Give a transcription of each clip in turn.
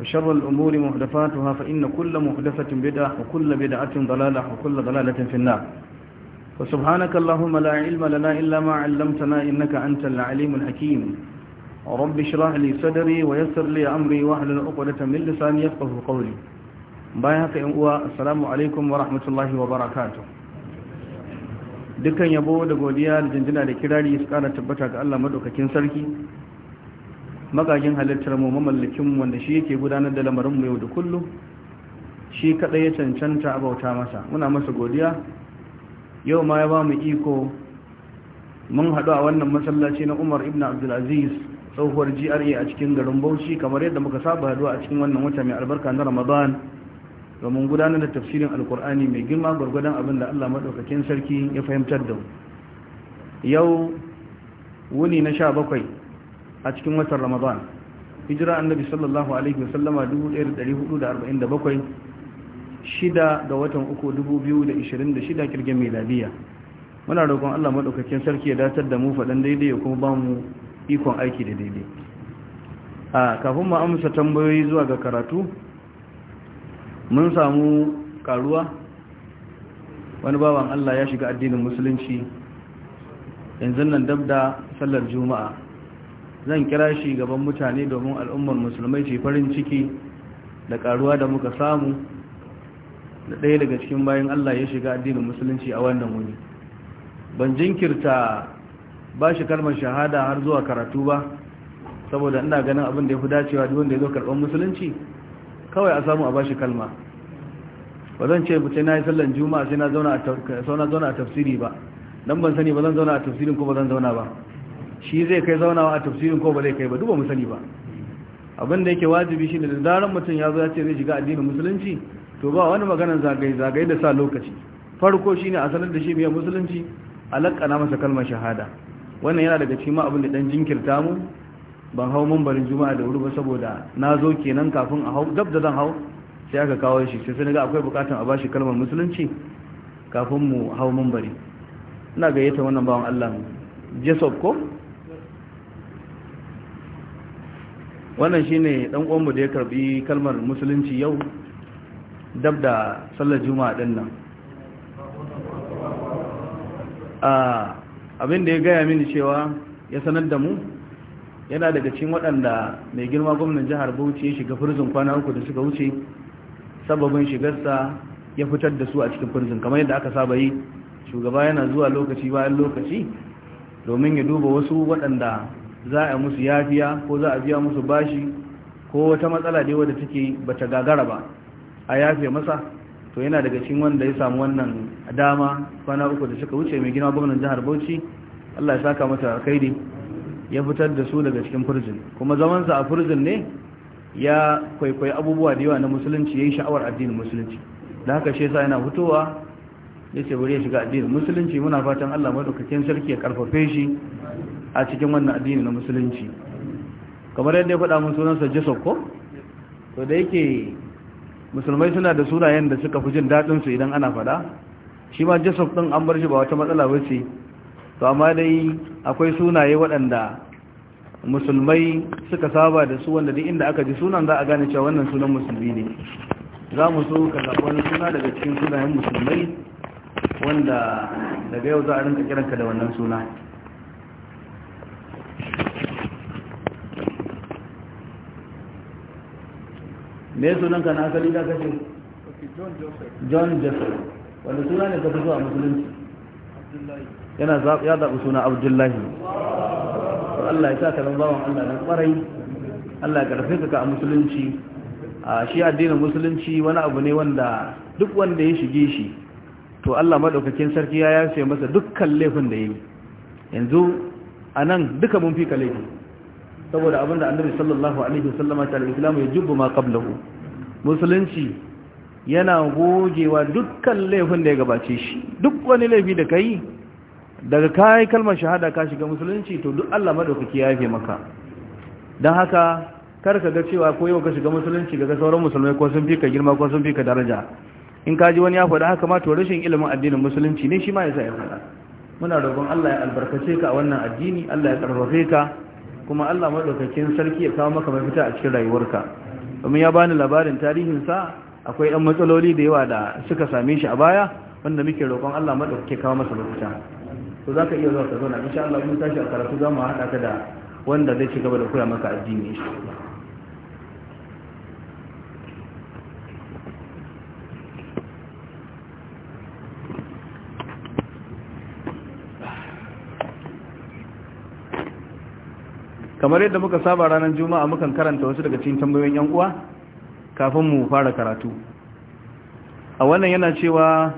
وشر الأمور محدثاتها فإن كل محدثة بدعة وكل بدعة ضلالة وكل ضلالة في النار وسبحانك اللهم لا علم لنا إلا ما علمتنا إنك أنت العليم الحكيم رب اشرح لي صدري ويسر لي أمري واحلل عقدة من لساني يفقه قولي بايعك السلام عليكم ورحمة الله وبركاته dukkan yabo da godiya da jinjina da kirari su kara tabbata ga Allah madaukakin sarki magagin halittar mu mamallakin mu wanda shi yake gudanar da lamarin mu yau da kullum shi kadai ya cancanta a bauta masa muna masa godiya yau ma ya ba mu iko mun haɗu a wannan masallaci na umar ibn abdulaziz tsohuwar gra a cikin garin bauchi kamar yadda muka saba haɗuwa a cikin wannan wata mai albarka na ramadan domin gudanar da tafsirin alkur'ani mai girma gwargwadon abin da allah maɗaukakin sarki ya fahimtar da mu. yau wuni na sha bakwai a cikin watan ramadan hijira annabi sallallahu alaihi wasallama 1447 shida ga watan uku 2026 kirgin miladiya muna roƙon Allah madaukakin sarki ya datar da mu faɗan daidai ya kuma ba mu ikon aiki da daidai a kafin mu amsa tambayoyi zuwa ga karatu mun samu karuwa wani bawan Allah ya shiga addinin musulunci yanzu nan dabda sallar juma'a zan kira shi gaban mutane domin al'ummar musulmai ce farin ciki da karuwa da muka samu da ɗaya daga cikin bayan Allah ya shiga addinin musulunci a wannan wuni ban jinkirta ba shi kalmar shahada har zuwa karatu ba saboda ina ganin abin da ya fi dacewa duk wanda ya zo karɓar musulunci kawai a samu a ba shi kalma ba zan ce mutum na yi sallan juma'a sai na zauna a tafsiri ba Nan ban sani ba zan zauna a tafsirin ko ba zan zauna ba shi zai kai zaunawa a tafsirin ko ba zai kai ba duba musali ba abin da yake wajibi shine da daren mutum ya zo ya ce zai shiga addinin musulunci to ba wani maganar zagaye zagaye da sa lokaci farko shine a sanar da shi mai musulunci alakana masa kalmar shahada wannan yana daga cikin abin da dan jinkirta mu ban hau mambarin juma'a da wuri ba saboda na zo kenan kafin a hau dab da zan hau sai aka kawo shi sai sai ga akwai bukatun a bashi kalmar musulunci kafin mu hau mambari ina gayyata wannan bawan Allah Jesop ko wannan shine ɗan uwanmu da ya karbi kalmar musulunci yau dab da sallar juma'a ɗin nan abin da ya gaya mini cewa ya sanar da mu yana daga cikin waɗanda mai girma gwamnan jihar bauchi ya shiga furzin kwana uku da suka wuce sababin shigarsa ya fitar da su a cikin furzin kamar yadda aka saba yi shugaba yana zuwa lokaci bayan lokaci domin ya duba wasu waɗanda za a musu yafiya ko za a biya musu bashi ko wata matsala dai wadda take bata gagara ba a yafe masa to yana daga cikin wanda ya samu wannan dama kwana uku da suka wuce mai gina gwamnan jihar Bauchi Allah ya saka mata kaidi ya fitar da su daga cikin furjin kuma zamansa sa a furjin ne ya kwaikwayi abubuwa da yawa na musulunci yayin sha'awar addinin musulunci da haka shi yasa yana fitowa yace bari ya shiga addinin musulunci muna fatan Allah madaukakin sarki ya karfafe shi a cikin wannan addini na musulunci kamar yadda ya faɗa mun sunansa jason ko to da yake musulmai suna da sunayen da suka fi jin daɗin su idan ana faɗa shi ma jason ɗin an bar shi ba wata matsala ba ce to amma dai akwai sunaye waɗanda musulmai suka saba da su wanda duk inda aka ji sunan za a gane cewa wannan sunan musulmi ne za mu so ka zaɓi wani suna daga cikin sunayen musulmai wanda daga yau za a rinka kiranka da wannan suna me sunanka na asali da kashe john jeffrey wanda suna ne ka fito a musulunci yana ya zaɓi suna abdullahi Allah ya sa ka zama bawan Allah na ƙwarai Allah ya ƙarfi ka a musulunci a shi addinin musulunci wani abu ne wanda duk wanda ya shige shi to Allah maɗaukakin sarki ya yafe masa dukkan laifin da ya yi yanzu a nan duka mun fi ka laifi saboda abinda annabi sallallahu alaihi wasallama ta da islamu ya jubbu ma qablahu musulunci yana gogewa dukkan laifin da ya gabace shi duk wani laifi da kai daga kai kalmar shahada ka shiga musulunci to duk Allah madaukaki ya yafe maka dan haka kar ka ga cewa ko yau ka shiga musulunci ga sauran musulmai ko sun fi ka girma ko sun fi ka daraja in ka ji wani ya faɗa haka ma to rashin ilimin addinin musulunci ne shi ma ya sa ya faɗa muna roƙon Allah ya albarkace ka a wannan addini Allah ya karfafe ka kuma Allah madaukakin sarki ya kawo maka mafita a cikin rayuwarka domin ya bani labarin tarihin sa akwai ɗan matsaloli da yawa da suka same shi a baya wanda muke roƙon Allah madaukake kawo masa mafita to zaka iya zuwa ka zauna insha Allah mun tashi a karatu zamu haɗa ka da wanda zai ci gaba da koya maka addini kamar yadda muka saba ranar juma'a mukan karanta wasu daga cikin tambayoyin yan uwa kafin mu fara karatu a wannan yana cewa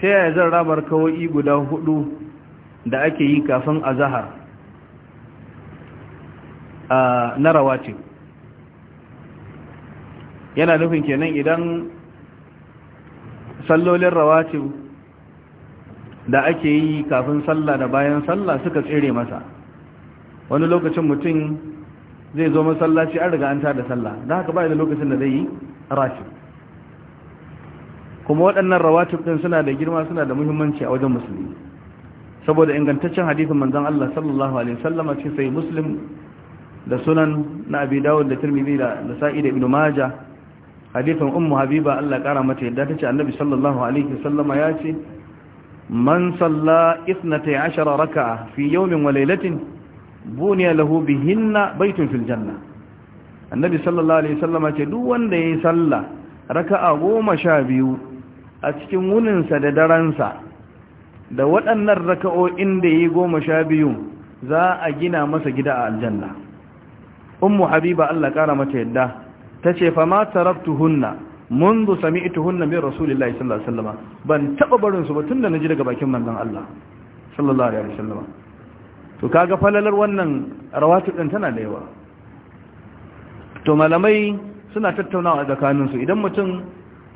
ta yaya zan rabar kawai guda hudu da ake yi kafin azahar a na rawati yana nufin kenan idan sallolin rawati da ake yi kafin sallah da bayan sallah suka tsere masa wani lokacin mutum zai zo masallaci an riga an tada sallah da haka bai da lokacin da zai yi rashin. kuma waɗannan rawatib din suna da girma suna da muhimmanci a wajen musulmi saboda ingantaccen hadisin manzon Allah sallallahu alaihi wasallam ce sai muslim da sunan na Abi Dawud da Tirmidhi da Nasa'i da Ibn Majah hadisin Ummu Habiba Allah kara mata yadda tace Annabi sallallahu alaihi wasallam ya ce man salla 12 raka'a fi yawmin wa laylatin buniya lahu bihinna baitun fil janna annabi sallallahu alaihi wasallama ce duk wanda yayi sallah raka'a goma sha biyu a cikin wuninsa da daransa da waɗannan raka'o'in da yayi goma sha biyu za a gina masa gida a aljanna ummu habiba Allah kara mata yadda tace fa ma tarabtuhunna منذ سمعتهن من رسول الله صلى الله عليه وسلم ban taba barin su ba tunda ji daga bakin manzon Allah sallallahu alaihi wasallam to kaga falalar wannan rawatu din tana da yawa to malamai suna tattaunawa tsakanin su idan mutum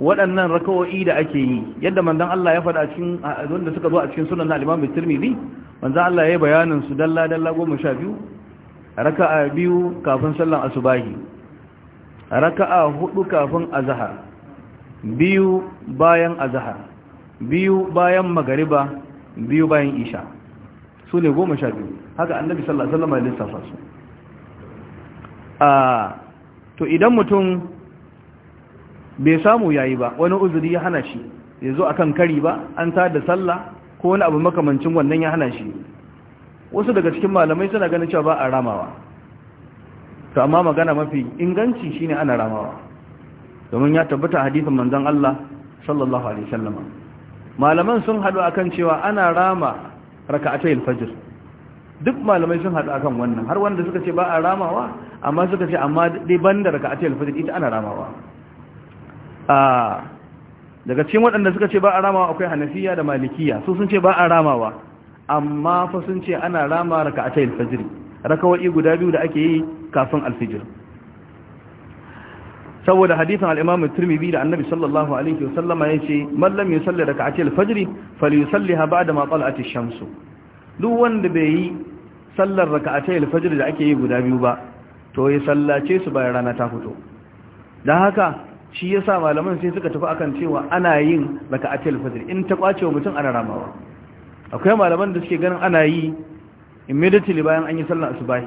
waɗannan rakawoyi da ake yi yadda manzon Allah ya faɗa cikin wanda suka zo a cikin sunan al-Imam Tirmidhi manzon Allah ya yi bayanin su dalla dalla 12 raka'a biyu kafin sallan asubahi raka'a hudu kafin azhar biyu bayan azhar biyu bayan magariba biyu bayan isha su ne goma sha biyu haka annabi sallallahu alaihi wasallam ya lissafa su a to idan mutum bai samu yayi ba wani uzuri ya hana shi ya zo akan kari ba an ta da sallah ko wani abu makamancin wannan ya hana shi wasu daga cikin malamai suna ganin cewa ba a ramawa to amma magana mafi inganci shine ana ramawa domin ya tabbata hadisin manzon Allah sallallahu alaihi wasallam malaman sun hadu akan cewa ana rama al fajr duk malamai sun haɗu akan wannan har wanda suka ce ba a ramawa amma suka ce amma dai banda al fajr ita ana ramawa a daga cikin waɗanda suka ce ba a ramawa akwai hanafiya da malikiya su sun ce ba a ramawa amma fa sun ce ana rama al fajr rakawai guda biyu da ake yi kafin alfijir saboda hadisin al-Imam Tirmidhi da Annabi sallallahu alaihi wasallama yace man lam yusalli raka'atil fajr falyusalliha ba'da ma tala'ati ash-shamsu duk wanda bai yi sallar raka'atai alfajr da ake yi guda biyu ba to ya sallace su bayan rana ta fito dan haka shi yasa malaman sai suka tafi akan cewa ana yin raka'atai alfajr in ta kwace wa mutum ana ramawa akwai malaman da suke ganin ana yi immediately bayan an yi sallar asubahi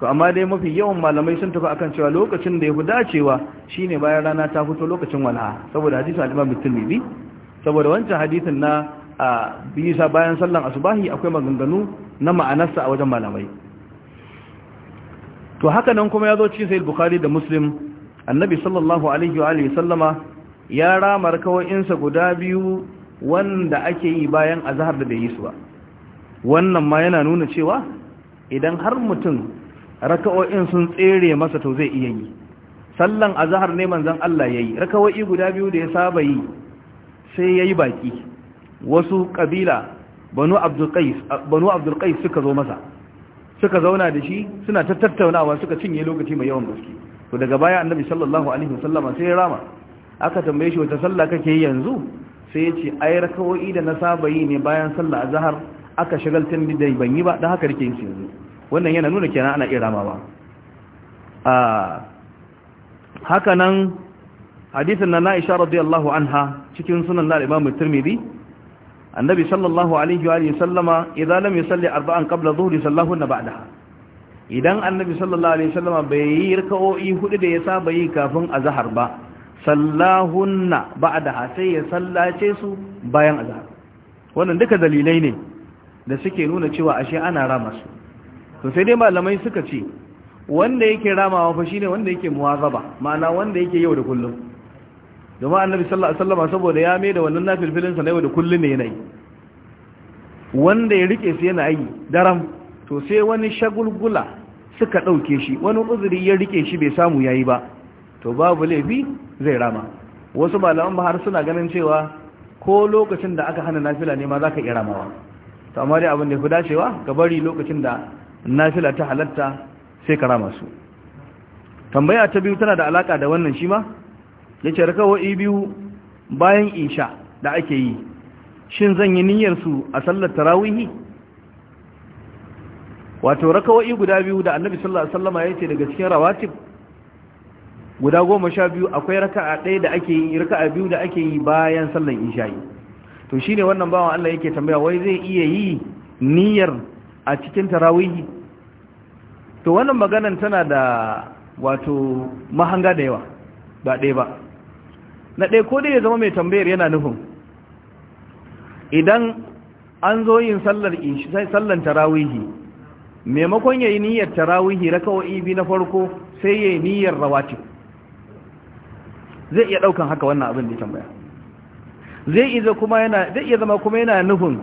to amma dai mafi yawan malamai sun tafi akan cewa lokacin da ya fi dacewa shine bayan rana ta fito lokacin walaha saboda hadisin al-Imam Tirmidhi saboda wancan hadisin na a bisa bayan sallan asubahi akwai maganganu na ma'anarsa a wajen malamai to haka nan kuma ya zo cikin sayil bukari da muslim annabi sallallahu alaihi wa sallama ya ramar kawai'insa guda biyu wanda ake yi bayan azahar da bai yi su ba wannan ma yana nuna cewa idan har mutum raka'o'in sun tsere masa to zai iya yi sallan azahar ne manzon Allah yayi raka'o'i guda biyu da ya saba yi sai yayi baki wasu kabila banu abdulkai suka zo masa suka zauna da shi suna ta tattaunawa suka cinye lokaci mai yawan gaske to daga baya annabi sallallahu alaihi wasallama sai ya rama aka tambaye shi wata sallah kake yi yanzu sai ya ce ai kawai da na saba yi ne bayan sallah azhar aka shagaltar da ban yi ba dan haka rike yin yanzu wannan yana nuna kenan ana iya ramawa a haka nan hadisin na Aisha radiyallahu anha cikin sunan na Imam Tirmidhi annabi sallallahu alaihi wa sallama idan lam yusalli arba'an qabla dhuhri na ba'daha idan annabi sallallahu alaihi sallama bai yi raka'o'i hudu da ya saba yi kafin azhar ba na ba'daha sai ya sallace su bayan azhar wannan duka dalilai ne da suke nuna cewa ashe ana rama su to sai dai malamai suka ce wanda yake ramawa fa shine wanda yake muwazaba ma'ana wanda yake yau da kullum domin annabi sallallahu alaihi wasallam saboda ya mai da wannan nafilfilin sa na yau da kullun ne yanayi wanda ya rike su yana yi daram to sai wani shagulgula suka dauke shi wani uzuri ya rike shi bai samu yayi ba to babu laifi zai rama wasu malaman ba har suna ganin cewa ko lokacin da aka hana nafila ne ma zaka iya ramawa to amma dai abin da fi dacewa ga bari lokacin da nafila ta halatta sai ka rama su tambaya ta biyu tana da alaka da wannan shi ma Yace ce wa'i biyu bayan isha da ake yi shin zan yi niyyarsu a sallar tarawihi wato rakawa'i guda biyu da annabi sallallahu alaihi wasallama ya daga cikin rawatib guda goma sha biyu akwai raka'a ɗaya da ake yi raka'a biyu da ake yi bayan sallar isha'i to shine wannan bawan Allah yake tambaya wai zai iya yi niyyar a cikin tarawihi to wannan maganan tana da wato mahanga da yawa ba ɗaya ba na ɗaya ko dai ya zama mai tambayar yana nufin idan an zo yin sallar tarawihi maimakon ya yi niyyar tarawihi rakawa'i bi na farko sai ya yi niyyar rawatib zai iya ɗaukan haka wannan abin da ya tambaya zai iya zama kuma yana nufin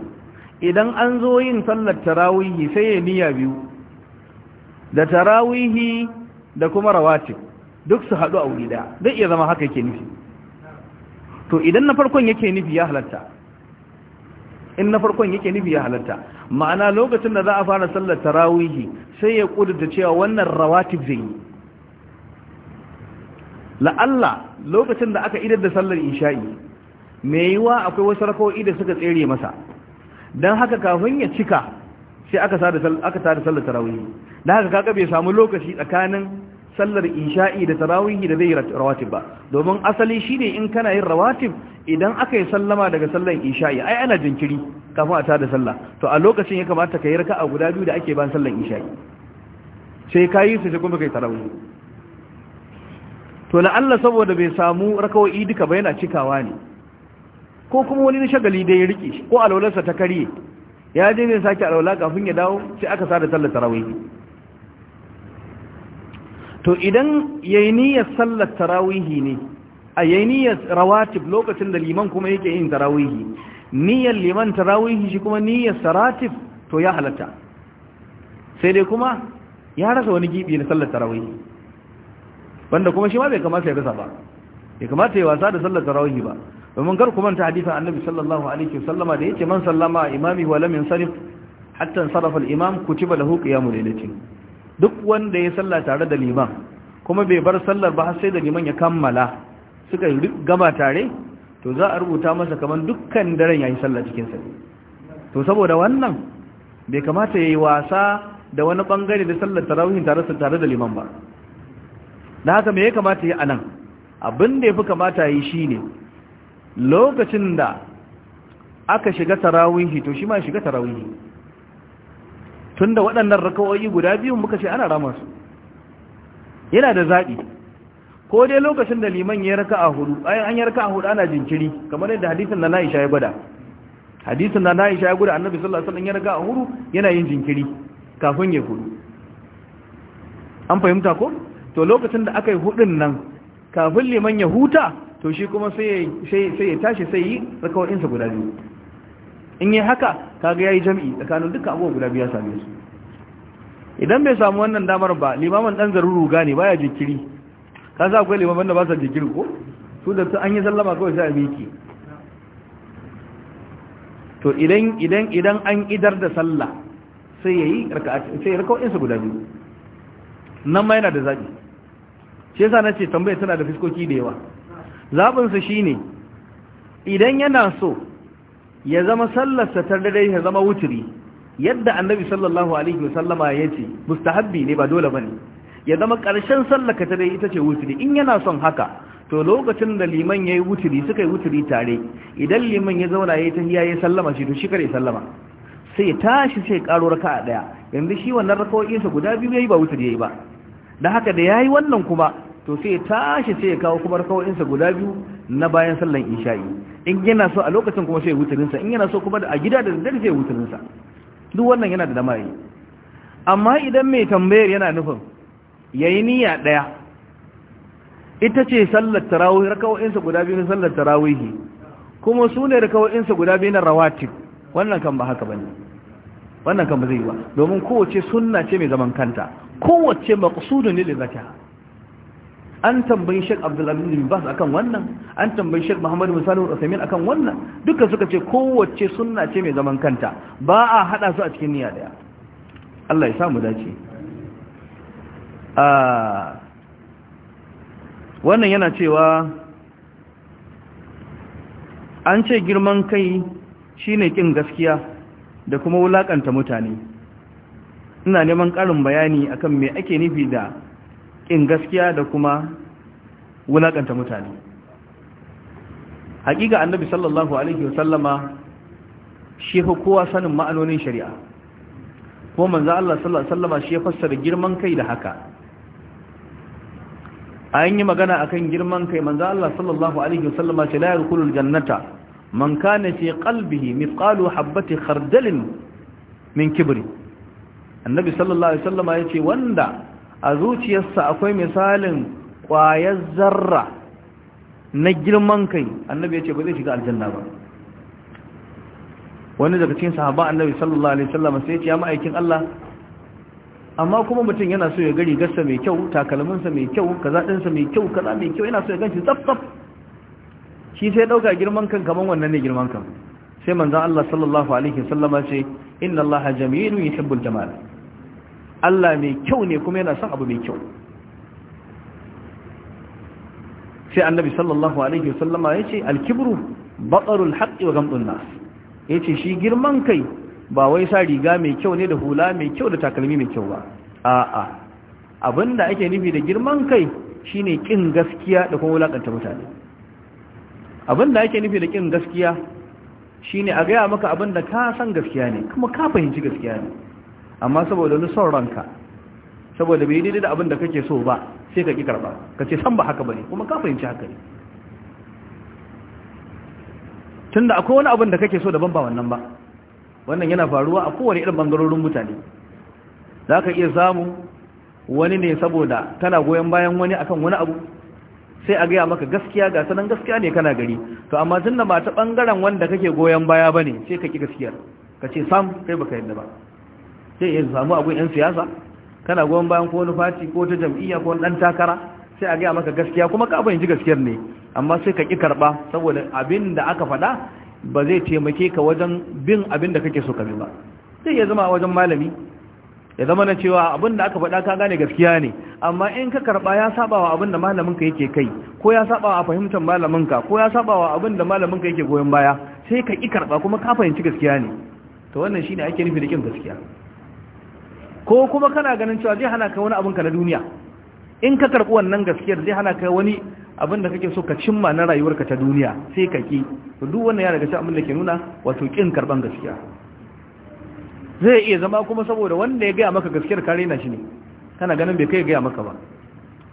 idan an zo yin sallar tarawihi sai ya niyya biyu da tarawihi da kuma rawatib duk su haɗu a wuri ɗaya zai iya zama haka ke nufi to idan na farkon yake nufi ya halatta in na farkon yake nufi ya halatta ma'ana lokacin da za a fara sallar tarawihi sai ya kudurta cewa wannan rawatib zai yi la'alla lokacin da aka idar da sallar isha'i mai yiwa akwai wasu rakawai da suka tsere masa don haka kafin ya cika sai aka tada sallar tarawihi don haka kaga bai samu lokaci tsakanin sallar isha'i da tarawihi da zai rawatib ba domin asali shine in kana yin rawatib idan aka yi sallama daga sallar isha'i ai ana jinkiri kafin a tada sallah to a lokacin ya kamata ka yi raka'a guda biyu da ake ban sallar isha'i sai ka yi su sai kuma kai tarawihi to la'alla saboda bai samu rakawo'i duka ba yana cikawa ne ko kuma wani na shagali da ya rike ko alwalarsa ta karye ya je ne sake alwala kafin ya dawo sai aka sada sallar tarawihi to idan yayi niyyar sallar tarawihi ne a yayi niyyar rawatib lokacin da liman kuma yake yin tarawihi niyyar liman tarawihi shi kuma niyyar saratif to ya halatta sai dai kuma ya rasa wani gibi na sallar tarawihi wanda kuma shi ma bai kamata ya rasa ba bai kamata ya wasa da sallar tarawihi ba domin kar ku manta hadisin annabi sallallahu alaihi wasallama da yake man sallama imami wa lam yansarif hatta sarafa al-imam kutiba lahu qiyamul laylatin duk wanda ya sallah tare da liman kuma bai bar sallar ba har sai da liman ya kammala suka gama tare to za a rubuta masa kamar dukkan daren yayi sallah cikin sa to saboda wannan bai kamata yayi wasa da wani bangare da sallar tarawih tare da liman ba dan haka me ya kamata yi anan abin da yafi kamata yi shine lokacin da aka shiga tarawih to shi ma shiga tarawih Tun da waɗannan rakawoyi guda biyun muka ce ana rama su yana da zaɓi ko dai lokacin da liman ya raka a hudu ayan an ya raka a hudu ana jinkiri kamar yadda hadisin na na'isha ya gwada hadisin na na'isha ya gwada annabi sallallahu alaihi wasallam ya raka a hudu yana yin jinkiri kafin ya hudu an fahimta ko to lokacin da aka yi hudun nan kafin liman ya huta to shi kuma sai ya tashi sai yi rakawoyinsa guda biyu in yi haka kaga yi jam'i tsakanin duka abubuwa guda biya same su idan bai samu wannan damar ba limamin dan zaruru gane ya jikiri ka sa akwai limamin da ba sa jikiri ko su da su an yi sallama kawai sai a miki to idan idan idan an idar da sallah sai yayi yi sai raka'o'in insa guda biyu nan ma yana da zabi shi yasa nace tambayar tana da fiskoki da yawa zabin sa shine idan yana so ya zama sallarsa ta dare ya zama wuturi yadda annabi sallallahu alaihi wasallama ya ce mustahabbi ne ba dole bane ya zama ƙarshen sallaka ta dai ita ce wuturi in yana son haka to lokacin da liman yayi wuturi suka yi wuturi tare idan liman ya zauna yayi tahiyya ya sallama shi to shi kare sallama sai tashi sai karo raka daya yanzu shi wannan raka'o'in sa guda biyu yayi ba wuturi yayi ba dan haka da yayi wannan kuma to sai ya tashi sai ya kawo kuma insa guda biyu na bayan sallan isha'i in yana so a lokacin kuma sai ya sa. in yana so kuma a gida da daddare sai ya sa. duk wannan yana da dama yi amma idan mai tambayar yana nufin yayi niyya daya ita ce sallar tarawih insa guda biyu na sallar tarawih kuma su ne insa guda biyu na rawatib wannan kan ba haka bane wannan kan ba zai yi ba domin kowace sunna ce mai zaman kanta kowace maqsudun lil zakah an tambayi shek Abdul Aziz bin Bas akan wannan an tambayi shek Muhammad bin Salih al-Uthaymeen akan wannan duka suka ce kowace sunna ce mai zaman kanta ba a hada su a cikin niyya daya Allah ya sa mu dace ah, wannan yana cewa an ce girman kai shine kin gaskiya da kuma wulakanta mutane ina neman karin bayani akan me ake nufi da ƙin gaskiya da kuma wulaƙanta mutane haƙiƙa annabi sallallahu alaihi wasallama shi fa kowa sanin ma'anonin shari'a ko manzo Allah sallallahu alaihi wasallama shi ya fassara girman kai da haka an yi magana akan girman kai manzo Allah sallallahu alaihi wasallama ce la yadkhulul jannata man kana fi qalbihi mithqalu habati khardalin min kibri annabi sallallahu alaihi wasallama yace wanda a zuciyarsa akwai misalin ƙwayar zarra na girman kai annabi ya ce ba zai shiga aljanna ba wani daga cikin sahaba annabi sallallahu alaihi wasallam sai ya ce ya ma'aikin Allah amma kuma mutum yana so ya gari gasa mai kyau takalminsa mai kyau kaza sa mai kyau kaza mai kyau yana so ya ganshi tsaf tsaf shi sai dauka girman kan kaman wannan ne girman kan sai manzon Allah sallallahu alaihi wasallam ce inna Allah jamilun yuhibbul jamal Allah mai kyau ne kuma yana son abu mai kyau sai annabi sallallahu alaihi wasallama ya ce alkibru batarul haqqi wa gamdun nas ya ce shi girman kai ba wai sa riga mai kyau ne da hula mai kyau da takalmi mai kyau ba a'a abinda ake nufi da girman kai shine kin gaskiya da kuma wulakanta mutane abinda ake nufi da kin gaskiya shine a gaya maka abinda ka san gaskiya ne kuma ka fahimci gaskiya ne amma saboda wani son ranka saboda bai daidai da abin da kake so ba sai ka ki karba ka ce san ba haka bane kuma ka fahimci haka ne tunda akwai wani abin da kake so daban ba wannan ba wannan yana faruwa a kowane irin bangarorin mutane za ka iya samu wani ne saboda kana goyon bayan wani akan wani abu sai a gaya maka gaskiya ga sanan gaskiya ne kana gari to amma tunda ba ta bangaren wanda kake goyon baya bane sai ka ki gaskiyar ka ce sam kai baka yadda ba sai ya samu abun yan siyasa kana goyon bayan ko wani fati ko ta jam'iyya ko dan takara sai a gaya maka gaskiya kuma ka fahimci gaskiyar ne amma sai ka ƙi karɓa saboda abin da aka faɗa ba zai taimake ka wajen bin abin da kake so ka bi ba sai ya zama a wajen malami ya zama na cewa abin da aka faɗa ka gane gaskiya ne amma in ka karɓa ya saba wa abin da malaminka yake kai ko ya saba wa fahimtar malaminka ko ya saba wa abin da malaminka yake goyon baya sai ka ƙi karɓa kuma ka fahimci gaskiya ne to wannan shine ake nufi da ƙin gaskiya ko kuma kana ganin cewa zai hana ka wani ka na duniya in ka karɓi wannan gaskiyar zai hana ka wani abin da kake so ka cimma na rayuwarka ta duniya sai ka ki to duk wannan ya daga cikin abin da ke nuna wato kin karban gaskiya zai iya zama kuma saboda wanda ya gaya maka gaskiyar ka raina shi ne kana ganin bai kai gaya maka ba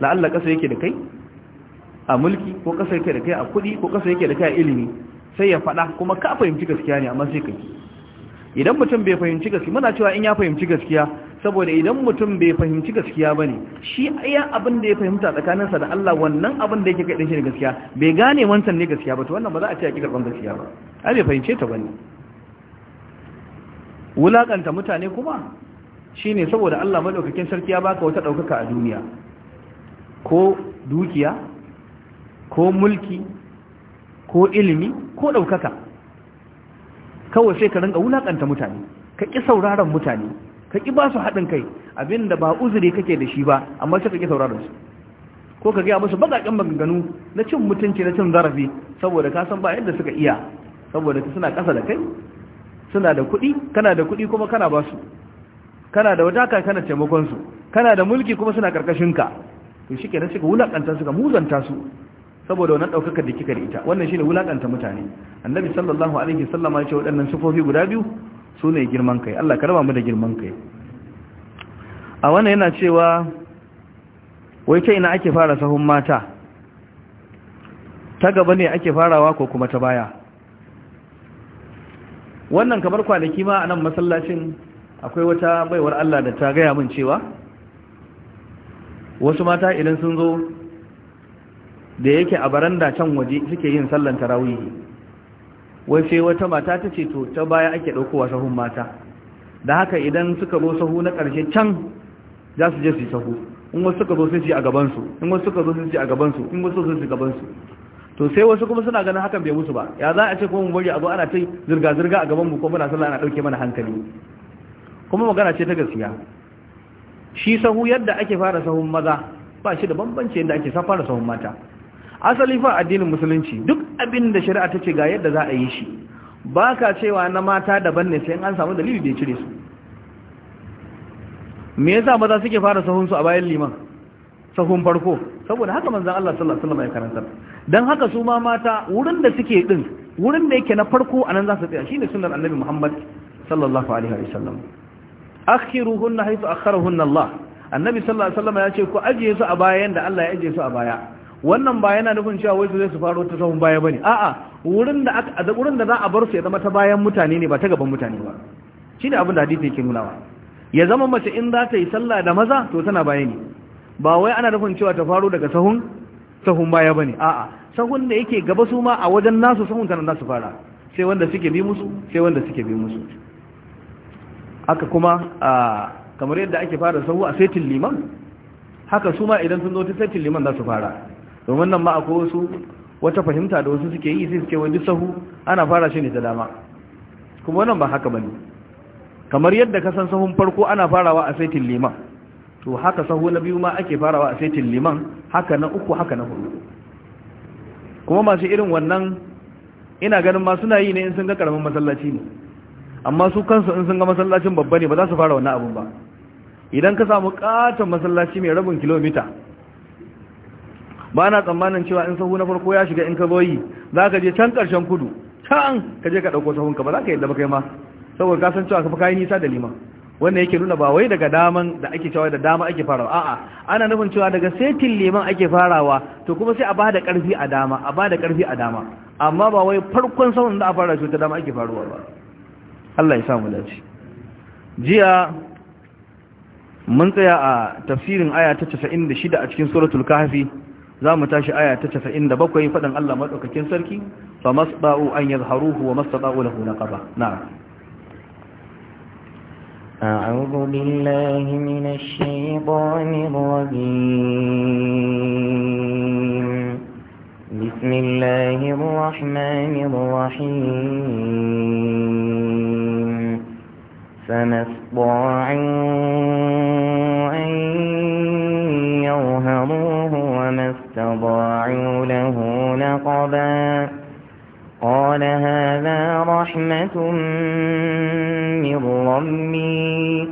Allah kasa yake da kai a mulki ko kasa yake da kai a kuɗi ko kasa yake da kai a ilimi sai ya faɗa kuma ka fahimci gaskiya ne amma sai ka ki idan mutum bai fahimci gaskiya muna cewa in ya fahimci gaskiya saboda idan mutum bai fahimci gaskiya ba ne shi iya abin da ya fahimta tsakaninsa da Allah wannan abin da yake kaɗin shi da gaskiya bai gane wancan ne gaskiya ba to wannan ba za a ce a ƙi karɓar gaskiya ba ai bai fahimce ta ba ne wulaƙanta mutane kuma shi ne saboda Allah maɗaukakin sarki ya baka wata ɗaukaka a duniya ko dukiya ko mulki ko ilimi ko ɗaukaka kawai sai ka rinka wulaƙanta mutane ka ƙi sauraron mutane ka ki ba su haɗin kai abinda ba uzuri kake da shi ba amma sai ka ƙi sauraron su ko ka gaya musu baƙaƙen maganganu na cin mutunci na cin zarafi saboda ka san ba yadda suka iya saboda suna ƙasa da kai suna da kuɗi kana da kuɗi kuma kana ba su kana da wadaka kana taimakon su kana da mulki kuma suna ƙarƙashin ka to shi kenan suka su suka muzanta su saboda wannan daukakar da kika da ita wannan shine wulakanta mutane annabi sallallahu alaihi wasallam ya ce waɗannan sufofi guda biyu su ne girman kai Allah ka raba mu da girman kai a wannan yana cewa wai ta ina ake fara sahun mata ta gaba ne ake farawa ko kuma ta baya wannan kamar kwanaki ma a nan masallacin akwai wata baiwar Allah da ta gaya min cewa wasu mata idan sun zo da yake a baranda can waje suke yin sallan tarawihi wai sai wata mata ta ce to ta baya ake ɗaukowa sahun mata da haka idan suka zo sahu na ƙarshe can za su je su yi sahu in wasu suka zo sai su yi a gabansu in wasu suka zo sai su yi a gabansu in wasu su zo su gabansu to sai wasu kuma suna ganin hakan bai musu ba ya za a ce kuma mu bari a zo ana ta zirga-zirga a gaban mu ko muna sallah ana ɗauke mana hankali kuma magana ce ta gaskiya shi sahu yadda ake fara sahun maza ba shi da bambanci yadda ake fara sahun mata asali fa addinin musulunci duk abin da shari'a ta ce ga yadda za a yi shi ba ka cewa na mata daban ne sai an samu dalili da ya cire su me yasa maza suke fara sahun su a bayan liman sahun farko saboda haka manzon Allah sallallahu alaihi wasallam ya karanta dan haka su ma mata wurin da suke din wurin da yake na farko anan za su tsaya shine sunnar annabi Muhammad sallallahu alaihi wasallam akhiruhunna haythu akharahunna Allah annabi sallallahu alaihi wasallam ya ce ku ajiye su a bayan da Allah ya ajiye su a baya wannan ba yana nufin cewa wai su zai su faro ta sahun baya bane a'a wurin da aka wurin da za a bar su ya zama ta bayan mutane ne ba ta gaban mutane ba shine abin da hadisi yake nunawa ya zama mace in za ta yi sallah da maza to tana baya ne ba wai ana nufin cewa ta faro daga sahun sahun baya bane a'a sahun da yake gaba su ma a wajen nasu sahun tana nasu fara sai wanda suke bi musu sai wanda suke bi musu haka kuma kamar yadda ake fara sahu a saitin liman haka su ma idan sun zo ta saitin liman za su fara domin nan ma akwai wasu wata fahimta da wasu suke yi sai suke wani sahu ana fara shi ne ta dama kuma wannan ba haka bane kamar yadda ka san sahun farko ana farawa a saitin liman to haka sahu na biyu ma ake farawa a saitin liman haka na uku haka na hudu kuma masu irin wannan ina ganin ma suna yi ne in sun ga karamin masallaci ne amma su kansu in sun ga masallacin babba ne ba za su fara wannan abun ba idan ka samu katon masallaci mai rabin kilomita ba na tsammanin cewa in sahu na farko ya shiga in ka zo yi za ka je can ƙarshen kudu can ka je ka ɗauko sahunka ba za ka yadda ba kai ma saboda ka san cewa ka fi nisa da liman wannan yake nuna ba wai daga daman da ake cewa da dama ake farawa a'a ana nufin cewa daga setin liman ake farawa to kuma sai a bada ƙarfi a dama a bada ƙarfi a dama amma ba wai farkon sahun da a fara shi ta dama ake faruwa ba Allah ya samu dace jiya mun tsaya a tafsirin aya ta 96 a cikin suratul kahfi zamu tashi aya ta 97 fadan Allah madaukakin sarki fa masba'u an yadhharuhu wa masba'u lahu naqaba na'am a'udhu billahi minash shaytanir rajim bismillahir rahmanir rahim الرحيم فما تضاعوا لَهُ نَقَبًا قال هذا رحمة من ربي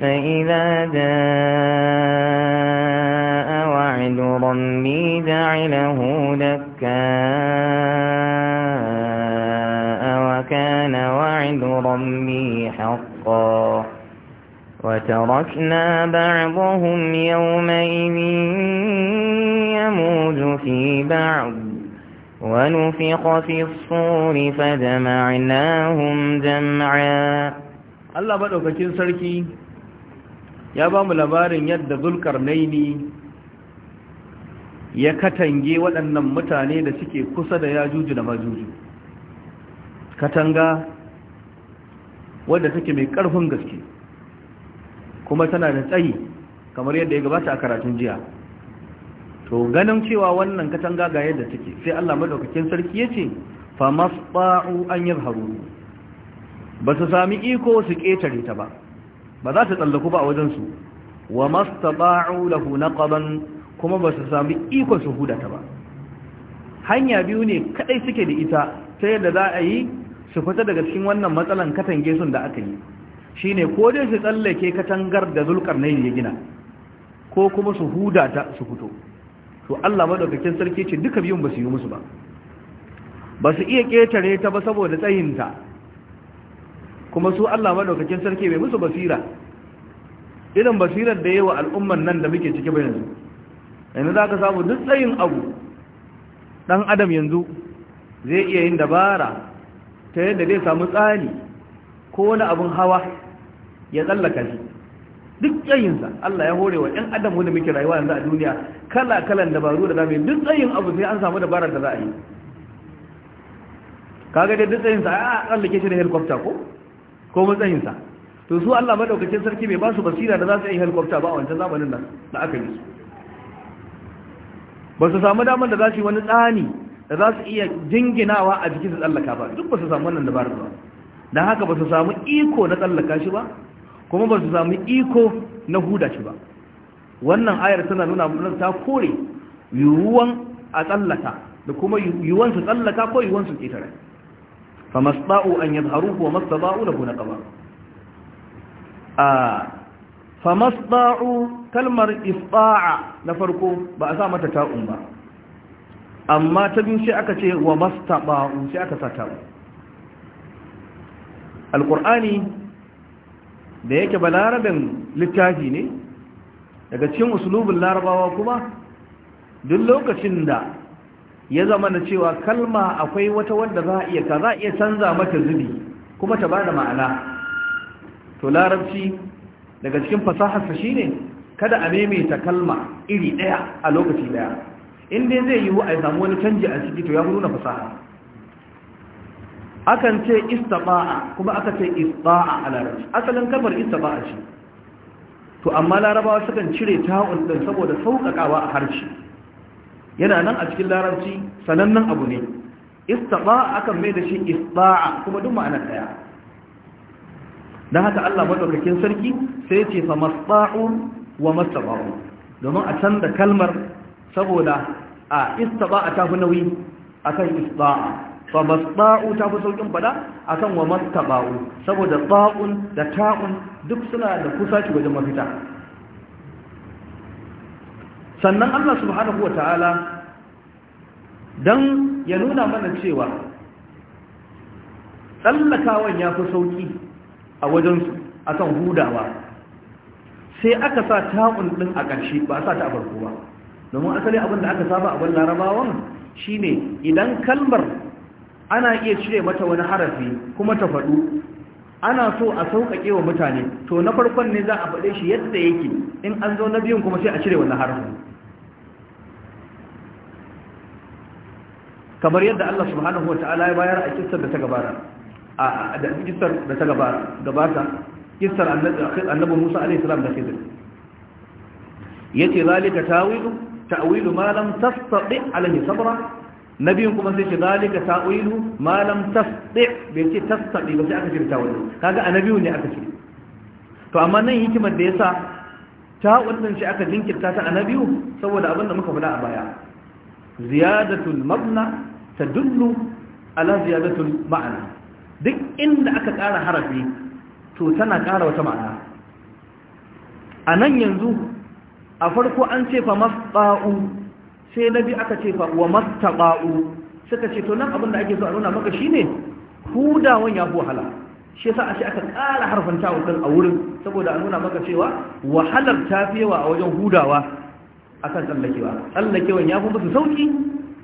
فإذا جاء وعد ربي جعله دكاء وكان وعد ربي حقا وتركنا بعد ونفخ في الصور فجمعناهم جمعا الله مدوكاكين سركي ya ba mu labarin yadda zulkarnaini ya katange waɗannan mutane da suke kusa da yajuju da majuju katanga wadda take mai ƙarfin gaske kuma tana da tsayi kamar yadda ya gabata a karatun jiya to ganin cewa wannan katanga ga yadda take sai Allah madaukakin sarki yace fa masba'u an yadhharu ba su sami iko su ketare ta ba ba za su tsallaku ba a wajen su wa mastaba'u lahu naqaban kuma ba su sami iko su huda ta ba hanya biyu ne kadai suke da ita ta yadda za a yi su fita daga cikin wannan matsalan katange sun da aka yi shine ko dai su tsallake katangar da zulkarnain ya gina ko kuma su huda ta su fito to Allah madaukakin sarki ce duka biyun ba su yi musu ba ba su iya ketare ta ba saboda tsayinta kuma su Allah madaukakin sarki bai musu basira irin basirar da yawa al'umman nan da muke ciki ba yanzu yanzu za ka samu duk tsayin abu ɗan adam yanzu zai iya yin dabara ta yadda zai samu tsani ko wani abin hawa ya tsallaka shi duk tsayinsa Allah ya hore wa 'yan adam wanda muke rayuwa yanzu a duniya kala kalan dabaru da zamu duk tsayin abu sai an samu dabarar da za a yi kaga dai duk tsayinsa a tsallake shi da helicopter ko ko matsayinsa to su Allah madaukakin sarki bai ba su basira da za su yi helicopter ba a wancan zamanin nan da aka yi su ba su samu damar da za su yi wani tsani da za su iya jinginawa a jikin su tsallaka ba duk ba su samu wannan dabarar ba don haka ba su samu iko na tsallaka shi ba kuma ba su samu iko na huda shi ba wannan ayar tana nuna mana ta kore yiwuwan a tsallaka da kuma yiwuwan su tsallaka ko yiwuwan su ƙetare fa masba'u an yadharuhu wa masba'u lahu ƙaba. a fa masba'u kalmar isba'a na farko ba a sa mata ta'un ba amma ta biyu sai aka ce wa mastaba'u sai aka sa ta'un alqur'ani da yake balarabin littafi ne daga cikin usulubin larabawa kuma duk lokacin da ya zama na cewa kalma akwai wata wanda za a iya ka za a iya canza mata zubi kuma ta ba da ma'ana to larabci daga cikin fasaharsa ne kada a maimaita kalma iri ɗaya a lokaci ɗaya in dai zai yiwu a samu wani canji a ciki to ya nuna fasaha akan ce istaba'a kuma aka ce istaba'a a larabci asalin kafar istaba'a ce to amma larabawa sukan cire ta'un din saboda sauƙaƙawa a harshe yana nan a cikin larabci sanannen abu ne istaba'a akan mai da shi istaba'a kuma duk ma'anar daya dan haka Allah madaukakin sarki sai ya ce fa masba'un wa domin a canza kalmar saboda a istaba'a ta fi nauyi akan istaba'a fa masba'u ta fi saukin fada akan wa mastaba'u saboda ba'un da ta'un duk suna da kusaci wajen mafita sannan Allah subhanahu wa ta'ala dan ya nuna mana cewa tsallakawan ya fi sauki a wajensu akan hudawa sai aka sa ta'un din a ƙarshe ba sa ta a farko ba domin asali abin da aka saba abin larabawan shine idan kalmar ana iya cire mata wani harafi kuma ta faɗu ana so a sauƙaƙe wa mutane to na farkon ne za a faɗe shi yadda yake in an zo na biyun kuma sai a cire wani harafi kamar yadda Allah subhanahu wata'ala ya bayar a kissar da ta gabata a da kissar da ta gabata kissar annabi Musa alaihi salam da Khidir yace zalika tawilu ta'wilu ma lam tastati alaihi sabra na biyun kuma sai ce zalika ta'wilu ma lam tasti bai ce tasti ba sai aka shirta wani kaga a ne aka ce to amma nan hikimar da yasa ta wannan shi aka jinkirta ta a nabiyu saboda abin da muka faɗa a baya ziyadatul mabna tadullu ala ziyadatul ma'ana duk inda aka ƙara harafi to tana ƙara wata ma'ana a nan yanzu a farko an ce fa masba'u sai na bi aka ce fa wa mattaba'u suka ce to nan abin da ake so a nuna maka shi ne hudawan ya wahala shi yasa ashe aka ƙara harfin tawun a wurin saboda a nuna maka cewa wahalar ta fi yawa a wajen hudawa akan tsallakewa tsallakewan ya fi musu sauƙi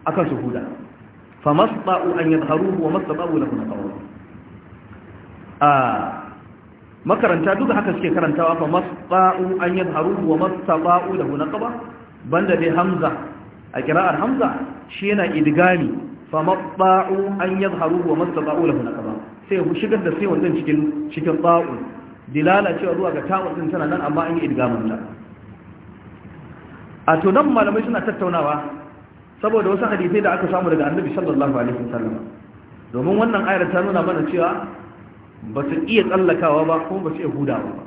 akan su huda fa masba'u an yadharuhu wa masba'u lahu naqaw a makaranta duka haka suke karantawa fa masba'u an yadharuhu wa masba'u lahu naqaba banda dai hamza a kira'ar hamza shi yana idgami fa mabba'u an yadhharu wa mastata'u lahu naqaba sai ku shigar da sai wannan cikin cikin dilala cewa zuwa ga ta'un din tana nan amma an yi idgamin ta a to nan malamai suna tattaunawa saboda wasu hadisai da aka samu daga annabi sallallahu alaihi wasallam domin wannan ayar ta nuna mana cewa ba su iya tsallakawa ba kuma ba su iya hudawa ba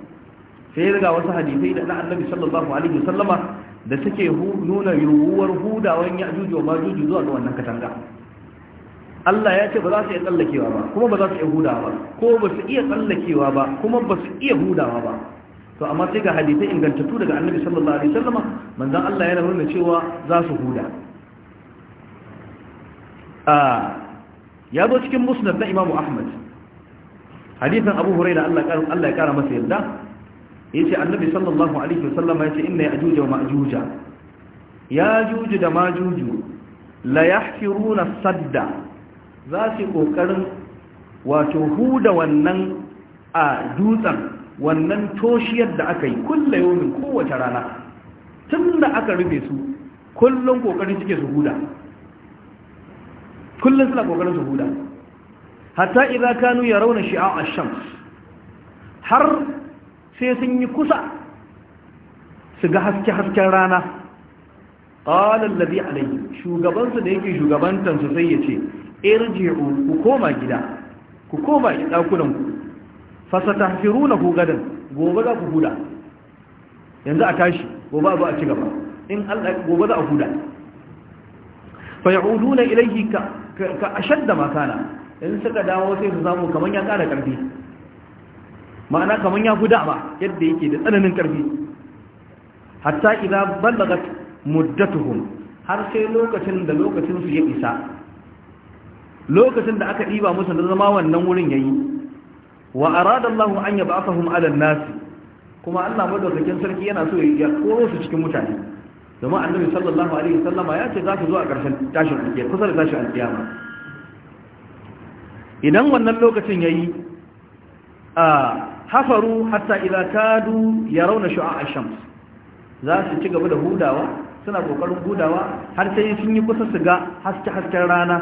sai daga wasu hadisai da na annabi sallallahu alaihi wasallama da take nuna yiwuwar hudawan ya juju wa majuju zuwa ga wannan katanga Allah ya ce ba za su iya tsallakewa ba kuma ba za su iya hudawa ba ko ba su iya tsallakewa ba kuma ba su iya hudawa ba to amma sai ga hadisai ingantattu daga annabi sallallahu alaihi wasallam manzon Allah yana nuna cewa za su huda a ya zo cikin musnad na Imam Ahmad hadisin Abu Hurairah Allah ya kara masa yarda yace annabi sallallahu alaihi wasallam yace inna ya'juj wa Ya ya'juj da ma'juj la yahfiruna sadda za su kokarin wato huda wannan a dutsen wannan toshiyar da aka yi kulle yomin kowace rana tun da aka rufe su kullum kokarin suke su huda kullum suna kokarin su huda hatta idza kanu yarawna shi'a ash-shams har sai sun yi kusa su ga haske-hasken rana ƙalar labi alayhi shugabansu da yake shugabantansu sai ya ce irji'u ku koma gida ku koma ɗakunanku fasata firu na hugadan gobe za ku huda yanzu a tashi gobe a zo a ci gaba in allah gobe za a huda faya'udu na ilaihi ka ashadda makana In suka dawo sai su samu kamar ya ƙara ƙarfi ma'ana kamar ya guda ba yadda yake da tsananin ƙarfi hatta idan ballagat muddatuhum har sai lokacin da lokacin su ya isa lokacin da aka ɗiba musu da zama wannan wurin yayi wa arada Allah an yab'athahum 'ala an-nas kuma Allah madaukakin sarki yana so ya koro su cikin mutane kuma annabi sallallahu alaihi wasallama ya ce za su zo a ƙarshen tashin alƙiyama kusa da tashin alƙiyama idan wannan lokacin yayi a hafaru hatta idza kadu yarawna shu'a ash-shams za su ci gaba da hudawa suna kokarin hudawa har sai sun yi kusa su ga haske hasken rana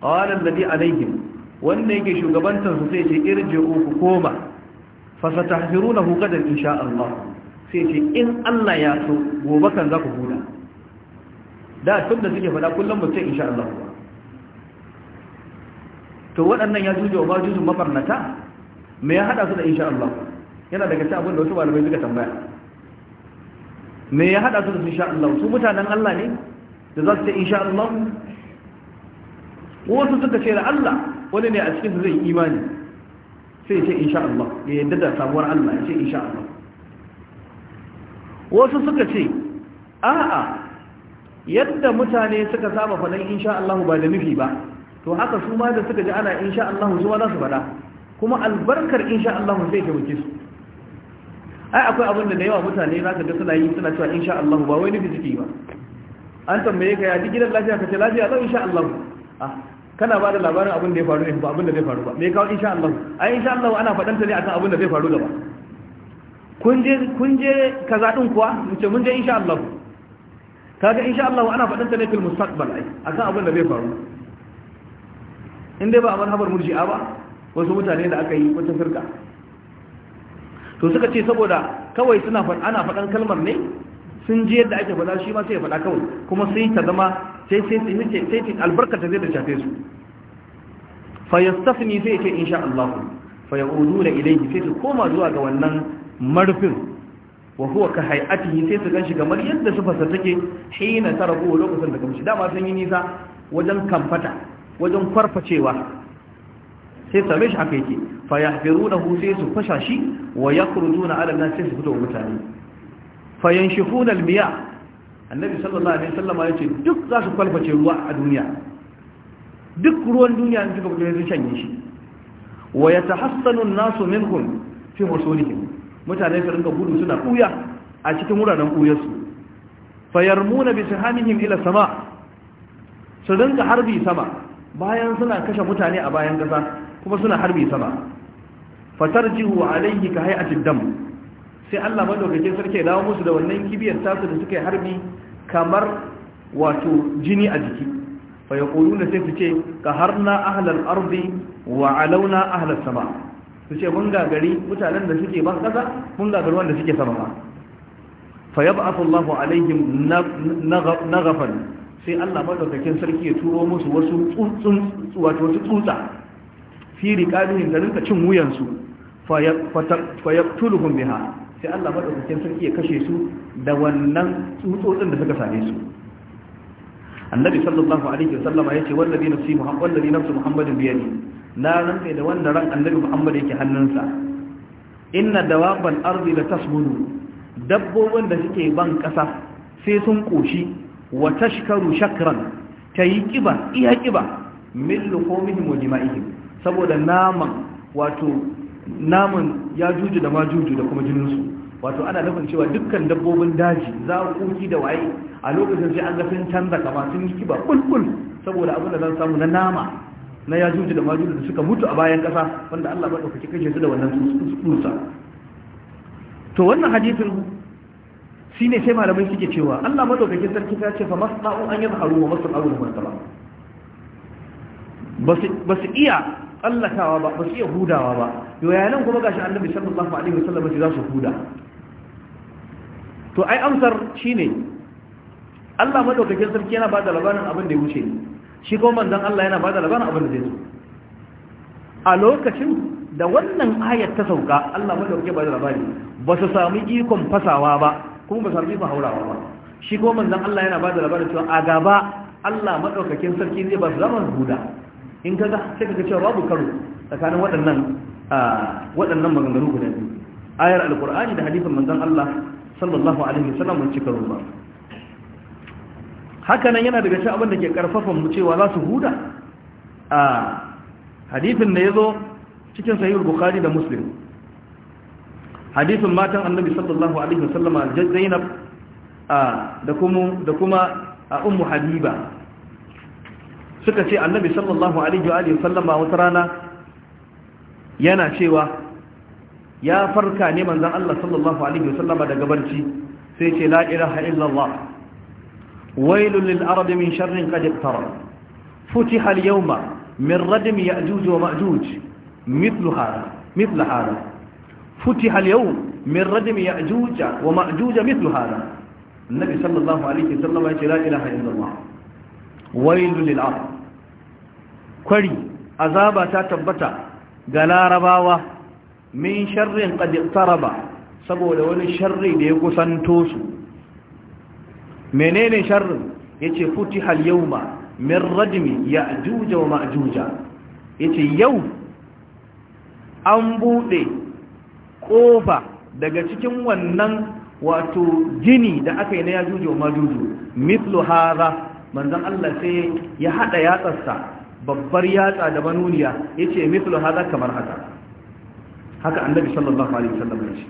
qala alladhi alaihim wanda yake shugabantar su sai ce irji'u ku koma fa satahzirunahu qadan insha Allah sai ce in Allah ya so gobe kan za ku huda da tun da suke faɗa kullum mutum insha Allah to waɗannan ya juje wa bajujun mabarnata me ya hada su da insha Allah yana daga cikin abin da wasu malamai suka tambaya me ya hada su da insha Allah su mutanen Allah ne da za su ce insha Allah wasu suka ce da Allah wani ne a cikin su zai imani sai ce insha Allah ya yadda da samuwar Allah ya ce insha Allah wasu suka ce a'a yadda mutane suka saba faɗin insha Allah ba da nufi ba to haka su ma da suka ji ana insha Allah ma za su faɗa kuma albarkar insha Allah zai taimake su ai akwai abin da yawa mutane za ka ga suna yi suna cewa insha Allah ba wai nufi suke ba an tambaye ka ya ji gidan lafiya ka ce lafiya lau insha Allah ah, kana ba da labarin abin da ya faru ne ba abin da zai faru ba me kawo insha Allah ai insha Allah ana faɗan ta ne akan abin da zai faru gaba kun je kun je kaza din kuwa mun ce mun je insha Allah kaga insha Allah ana faɗan ta ne fil mustaqbal ai akan abin da zai faru in dai ba a marhabar murji'a ba wasu mutane da aka yi wata firka to suka ce saboda kawai suna ana faɗan kalmar ne sun ji yadda ake faɗa shi ma sai ya faɗa kawai kuma sai ta zama sai sai sai sai albarkata zai da shafe su fa yastafni sai ce insha Allah fa la ilayhi sai su koma zuwa ga wannan marfin wa huwa ka hay'atihi sai su ganshi kamar yadda su fasa take hina tarabu lokacin da kamshi dama sun yi nisa wajen kamfata wajen farfacewa sai same shi aka yake fa hu? sai su fasha shi wa yakhrujuna ala an-nas sai su fito mutane fa yanshifuna al-miya annabi sallallahu alaihi wasallam ya ce duk za su kwalface ruwa a duniya duk ruwan duniya in suka zai shanye shi wa yatahassanu an-nasu minhum fi husulihim mutane su rinka gudu suna kuya a cikin wuraren kuyarsu fa yarmuna bi sahamihim ila sama su rinka harbi sama bayan suna kashe mutane a bayan kasa kuma suna harbi sama Fatar jihu alayhi ka hay'atid dam sai Allah madaukakin sarki dawo musu da wannan kibiyar tasu da suka harbi kamar wato jini a jiki fa yaquluna sai su ce ka harna ahlal ardi wa alauna ahlas sama su ce mun gagari mutanen da suke ban kasa mun gagari wanda suke sama ba fa yab'athu Allahu alaihim naghafan sai Allah madaukakin sarki ya turo musu wasu tsuntsun wato wasu tsutsa fi riqabihim da rinka cin wuyansu fa yaqtuluhum biha sai Allah madaukakin sarki ya kashe su da wannan tsutsotsin da suka same su annabi sallallahu alaihi wasallama yace wallazi nafsi muhammad wallazi nafsu muhammadin biyadi na rantsa da wanda ran annabi muhammad yake hannunsa inna dawaban ardi la tasmunu dabbobin da suke ban kasa sai sun koshi wa tashkaru shakran tayi kiba iya kiba min luhumihim wa jima'ihim saboda naman wato naman ya juju da ma juju da kuma jininsu wato ana nufin cewa dukkan dabbobin daji za a kuki da waye a lokacin sai an ga sun canza kama sun yi kiba bulbul saboda abin da zan samu na nama na ya juju da ma juju da suka mutu a bayan kasa wanda Allah ba ɗaukaki kashe su da wannan tsusa to wannan hadisin shine sai malamai suke cewa Allah madaukakin sarki ta ce fa masda'u an yadhharu wa masda'u wa masda'u ba su iya tsallakawa ba ba su iya hudawa ba nan kuma gashi annabi sallallahu alaihi wasallam ce za su huda to ai amsar shine Allah madaukakin sarki yana bada labarin abin da ya wuce shi kuma manzon Allah yana bada labarin abin da zai zo a lokacin da wannan ayat ta sauka Allah madaukakin bada labari ba su sami ikon fasawa ba kuma ba su sami ikon haurawa ba shi kuma manzon Allah yana bada labarin cewa a gaba Allah madaukakin sarki zai ba su zaman huda in ka ga sai ka cewa babu karo tsakanin waɗannan waɗannan maganganu guda biyu ayar alqur'ani da hadisin manzon Allah sallallahu alaihi wasallam mun ci karo ba haka nan yana daga cikin abin da ke karfafa mu cewa za su huda a hadisin da yazo cikin sahih bukhari da muslim hadisin matan annabi sallallahu alaihi wasallam Zainab da kuma da kuma ummu Habiba suka ce annabi sallallahu alaihi wa sallama wata rana yana cewa ya farka ne manzon Allah sallallahu alaihi wa sallama daga barci sai ce la ilaha illallah wailul lil ardi min sharrin qad iqtara futiha al yawma min radm ya'juj wa ma'juj mithlu hada mithlu hada futiha al yawm min radm ya'juj wa ma'juj mithlu hada النبي صلى الله عليه وسلم يقول لا إله إلا الله ويل للعرب kwari azaba ta tabbata ga larabawa min sharrin qad iqtaraba saboda wani sharri da ya kusanto su menene sharrin yace futi al-yawma min Ya ya'juj wa Ya yace yau an buɗe ƙofa daga cikin wannan wato gini da aka yi na yajuj wa ma'juj mithlu hadha manzon Allah sai ya hada yatsarsa babbar yatsa da manuniya yace mithlu haza kamar haka haka annabi sallallahu alaihi wasallam ya ce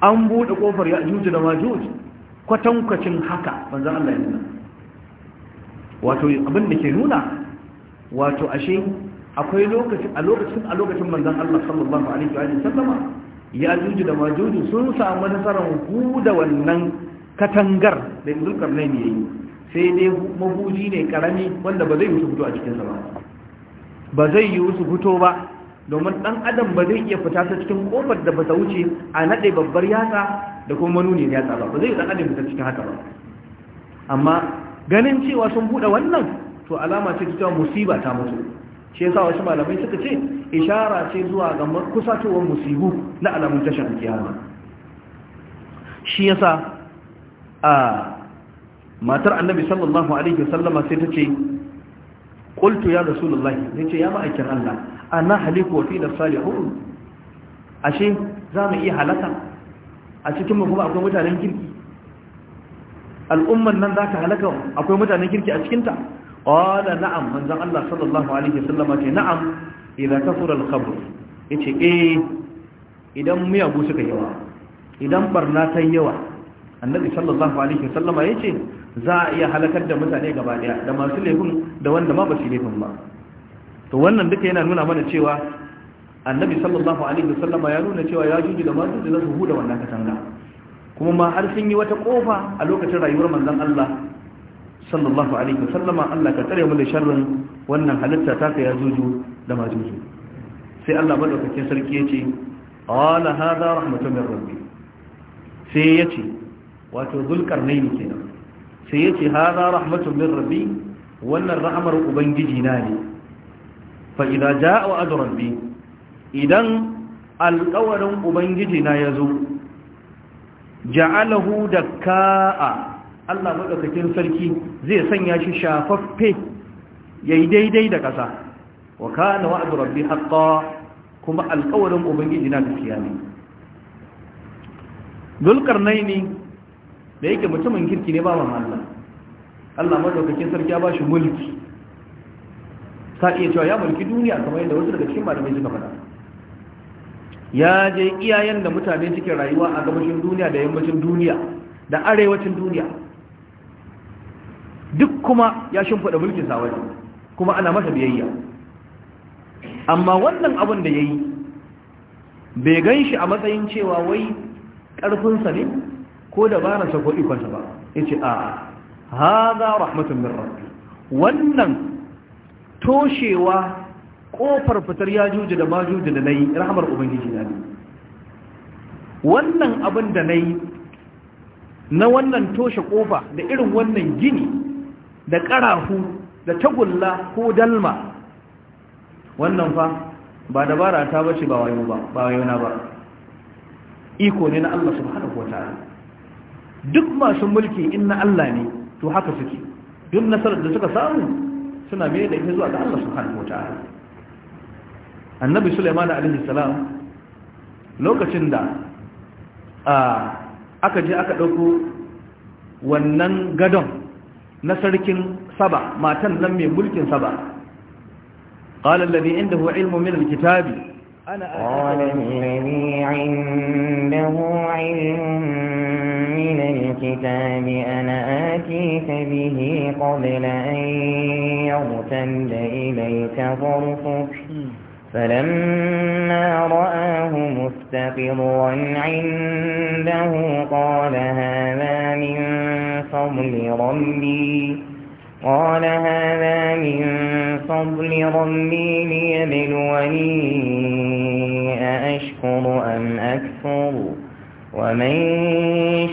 an bude kofar yajuj da Majuji kwatankwacin haka manzon Allah ya nuna wato abin da ke nuna wato ashe akwai lokacin a lokacin a lokacin manzon Allah sallallahu alaihi wa sallama Ya juji da Majuji sun samu nasarar huda wannan katangar da zulkarnaini yi. sai dai mahuji ne karami wanda ba zai yi su fito a cikin ba ba zai yi su fito ba domin dan adam ba zai iya fita ta cikin kofar da ba ta wuce a naɗe babbar yatsa da kuma manuni yatsa ba ba zai dan adam fita cikin haka ba amma ganin cewa sun buɗe wannan to alama ce cewa musiba ta mutu shi yasa wasu malamai suka ce ishara ce zuwa ga kusatowar musibu na alamun tashar kiyama shi yasa a matar annabi sallallahu alaihi sallama sai ta ce qultu ya rasulullahi sai ce ya ma'aikin Allah ana haliku wa fi da salihun ashe za mu iya halaka a cikin mu kuma akwai mutanen kirki al'umman nan za ta halaka akwai mutanen kirki a cikinta qala na'am manzon Allah sallallahu alaihi sallama ce na'am idza kasura al-khamr yace eh idan miyagu suka yawa idan barna ta yawa annabi sallallahu alaihi wasallama yace za a iya halakar da mutane gaba daya da masu laifin da wanda ma ba su laifin ba to wannan duka yana nuna mana cewa annabi sallallahu alaihi wasallam ya nuna cewa ya juji da masu da su huda wannan katanga kuma ma har sun yi wata kofa a lokacin rayuwar manzon Allah sallallahu alaihi wasallam Allah ka tare mu da sharrin wannan halitta ta ka ya juju da majuju sai Allah madaukakin sarki ya ce qala hadha rahmatun min rabbi sai ya ce wato zulkarnaini kenan sai ya ce haza rahmatun min rabbi wannan rahmar ubangiji na ne Fa'ida idan ja'a wa rabbi idan alƙawarin ubangiji na ya zo ja'alahu ka'a Allah madaukakin sarki zai sanya shi shafaffe yayi daidai da ƙasa wa kana wa'du rabbi haqqan kuma alƙawarin ubangiji na gaskiya ne naini da yake mutumin kirki ne ba wa Allah madaukakin sarki ya ba shi mulki ka iya cewa ya mulki duniya kamar yadda wasu daga cikin malamai suka faɗa ya je iyayen da mutane cikin rayuwa a gabashin duniya da yammacin duniya da arewacin duniya duk kuma ya shimfiɗa mulkin waje kuma ana masa biyayya amma wannan abin da ya yi bai gan shi a matsayin cewa wai ƙarfinsa ne ko dabararsa ko ikonsa ba ya ce a'a haza rahmatun min rabbi wannan toshewa kofar fitar ya juji da ma juji da nayi rahmar ubangiji na ne wannan abin da nayi na wannan toshe kofa da irin wannan gini da karahu da tagulla ko dalma wannan fa ba dabara ta bace ba wayo ba ba wayo na ba iko ne na Allah subhanahu wataala duk masu mulki inna Allah ne to haka suke duk nasarar da suka samu suna mai da ita zuwa ga Allah subhanahu wataala annabi Sulaiman alaihi salam lokacin da aka je aka dauko wannan gadon na sarkin Saba matan nan mai mulkin Saba قال الذي عنده علم من الكتاب قال الذي عنده علم من الكتاب أنا آتيك به قبل أن يرتد إليك ظرفك فلما رآه مستقرا عنده قال هذا من فضل ربي قال هذا من فضل ربي ليبلوني أشكر أم أكثر ومن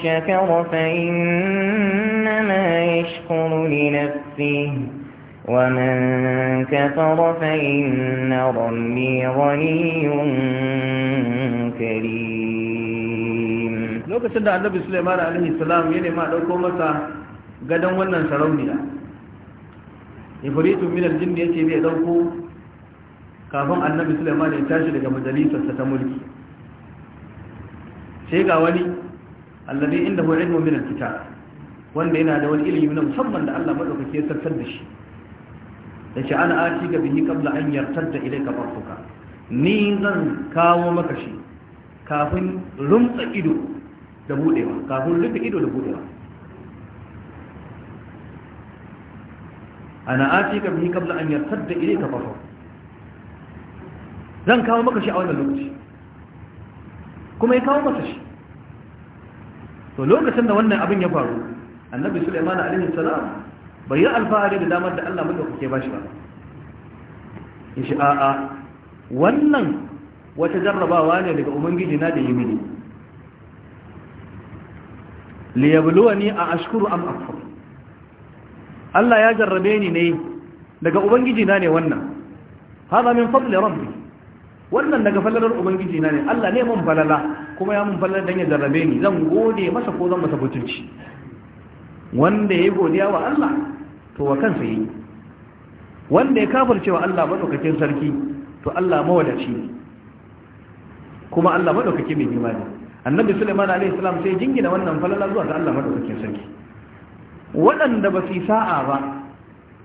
شكر فإنما يشكر لنفسه ومن كفر فإن ربي غني كريم لو كنت عن نبي سليمان عليه السلام يلي ما دوكو مسا قدم ونن سرونينا إفريت من الجن يتي بيه دوكو kafin annabi suleiman ya tashi daga majalisarsa ta mulki sai ga wani allazi inda huwa ilmu min alkitab wanda yana da wani ilimi na musamman da Allah madaukake ya sattar da shi yace ana ati ga bihi qabla an yartadda ilayka farfuka ni zan kawo maka shi kafin rumtsa ido da budewa kafin rufe ido da budewa ana ati ga bihi qabla an yartadda ilayka farfuka zan kawo maka shi a wannan lokaci kuma ya kawo masa shi to lokacin da wannan abin ya faru annabi sulaiman alaihi salam bai yi alfahari da damar da Allah madaukake ba shi ba In shi a'a wannan wata jarrabawa ne daga ubangiji na da yi mini ni a ashkuru am akfur Allah ya jarrabe ni ne daga ubangiji na ne wannan hada min fadli rabbi wannan daga falalar ubangiji na ne Allah ne mun falala kuma ya mun falala dan ya jarrabe ni zan gode masa ko zan masa butulci wanda ya godiya wa Allah to wa kansa yi wanda ya kafirce wa Allah madaukakin sarki to Allah mawadaci ne kuma Allah madaukaki mai girma ne annabi Sulaiman alaihi salam sai jingina wannan falala zuwa ga Allah madaukakin sarki waɗanda ba su sa'a ba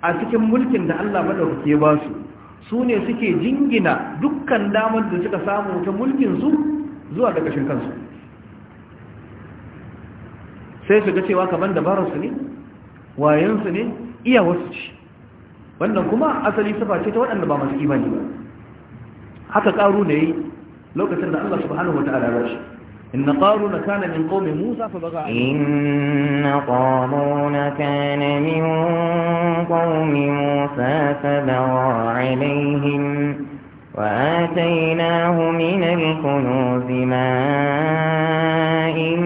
a cikin mulkin da Allah madaukake ba su su ne suke jingina dukkan damar da suka samu ta mulkinsu zuwa da kashin kansu sai su ga cewa kamar dabararsu ne wayensu ne iya wasu ce wannan kuma asali sufa ce ta waɗanda ba masu imani ba haka ƙaru ne lokacin da Allah subhanahu wa ta'ala ya shi إن قارون كان من قوم موسى فبغى إن قارون كان من قوم موسى فبغى عليهم وآتيناه من الكنوز ما إن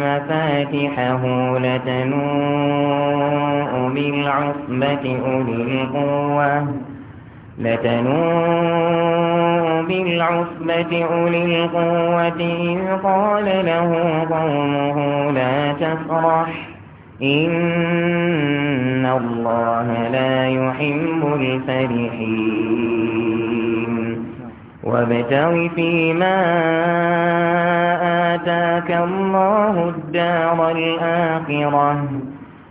مفاتحه لتنوء بالعصبة أولي القوة لتنوء بالعصبة أولي القوة إذ قال له قومه لا تفرح إن الله لا يحب الفرحين وابتغ فيما آتاك الله الدار الآخرة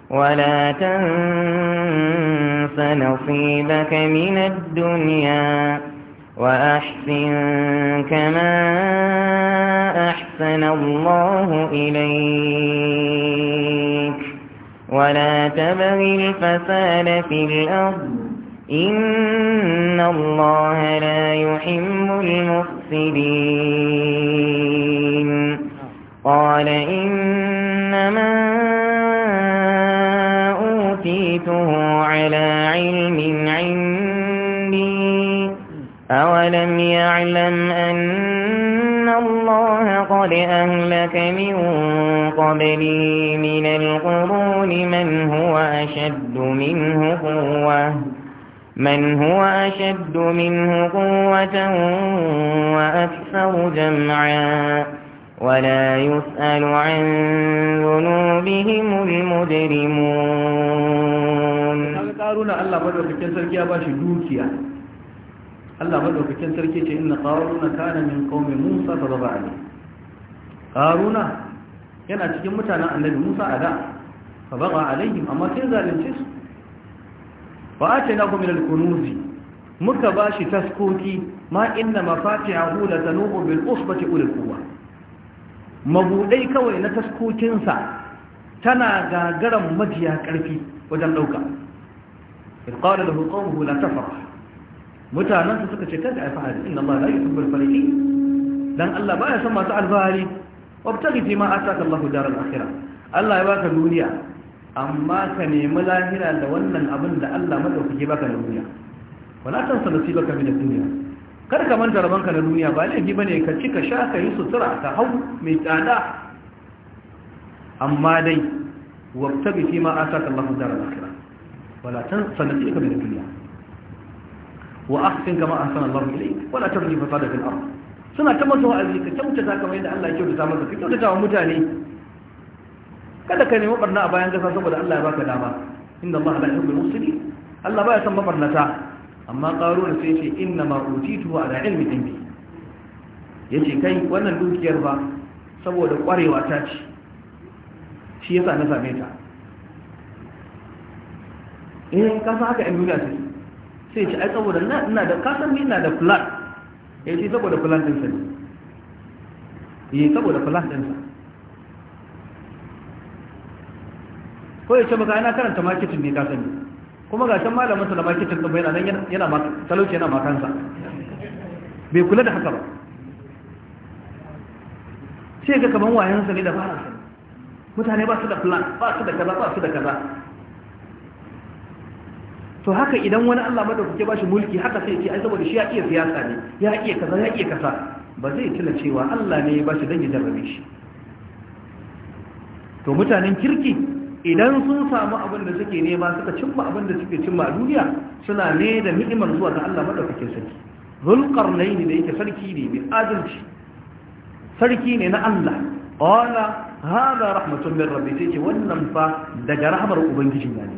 ولا تنس نصيبك من الدنيا وأحسن كما أحسن الله إليك ولا تبغ الفساد في الأرض إن الله لا يحب المفسدين قال إنما أوتيته على علم عندي أولم يعلم أن الله قد أهلك من قبلي منه قوة من هو أشد منه قوة وأكثر جمعا ولا يسأل عن ذنوبهم المجرمون قارون الله مدوكين سركي باشي دوكيا الله مدوكين سركي إن قارون كان من قوم موسى فضبع عليه قارون كان أتجمتنا أن موسى Musa a عليهم أما baga alaihim wa atainahu min al-kunuz muka bashi taskoki ma inna mafatihahu la tanubu bil usbati ulil quwwa mabudai kawai na taskokin sa tana gagaran majiya karfi wajen dauka in qala lahu qawmuhu la tafrah mutanen su suka ce kada ai fa'ali inna Allah la yuhibbul fariqin dan Allah baya son masu alfahari wabtaghi fi ma ataka Allah daral akhirah Allah ya baka duniya amma ka nemi lahira da wannan abin da Allah madaukake baka na duniya wala tansa nasibaka min da duniya. kar ka manta rabanka na duniya ba laifi bane ka ci ka sha ka yi sutura ka hau mai tsada amma dai wabtabi fi ma a ataka Allah dar al-akhirah wala tansa nasibaka min da duniya. wa ahsin kama ahsana Allah ilayk wala tabghi fasada da ard suna ta masa wa'azi ka kyautata kamar yadda Allah ya kyautata maka ka kyautata wa mutane kada ka nemi barna a bayan gasa saboda Allah ya baka dama inda Allah la yuhibbul muslimin Allah baya san mabarnata amma qaruna sai ce inna ma utitu ala ilmi indi yace kai wannan dukiyar ba saboda kwarewa ta ce shi yasa na same ta eh ka san haka in duniya ce sai ce ai saboda ina da kasan ina da plan yace saboda plan din sai ne eh saboda plan din sai ko ya ce maka ana karanta marketing ne ka sani kuma ga can malamin sa da marketing din bai nan yana ma talauci yana ma kansa bai kula da haka ba sai ga kaman wayan sa ne da fara mutane ba su da plan ba su da kaza ba su da kaza to haka idan wani Allah madaukake ba shi mulki haka sai ce ai saboda shi ya iya siyasa ne ya iya kaza ya iya kaza ba zai tuna cewa Allah ne ya ba shi dan ya jarrabe shi to mutanen kirki idan sun samu abin da suke nema suka cimma abin da suke cimma a duniya suna ne da ni'imar zuwa ga Allah madaukakin sarki zulqarnain da yake sarki ne mai adalci sarki ne na Allah qala hada rahmatun min rabbi sai ce wannan fa daga rahmar ubangiji ne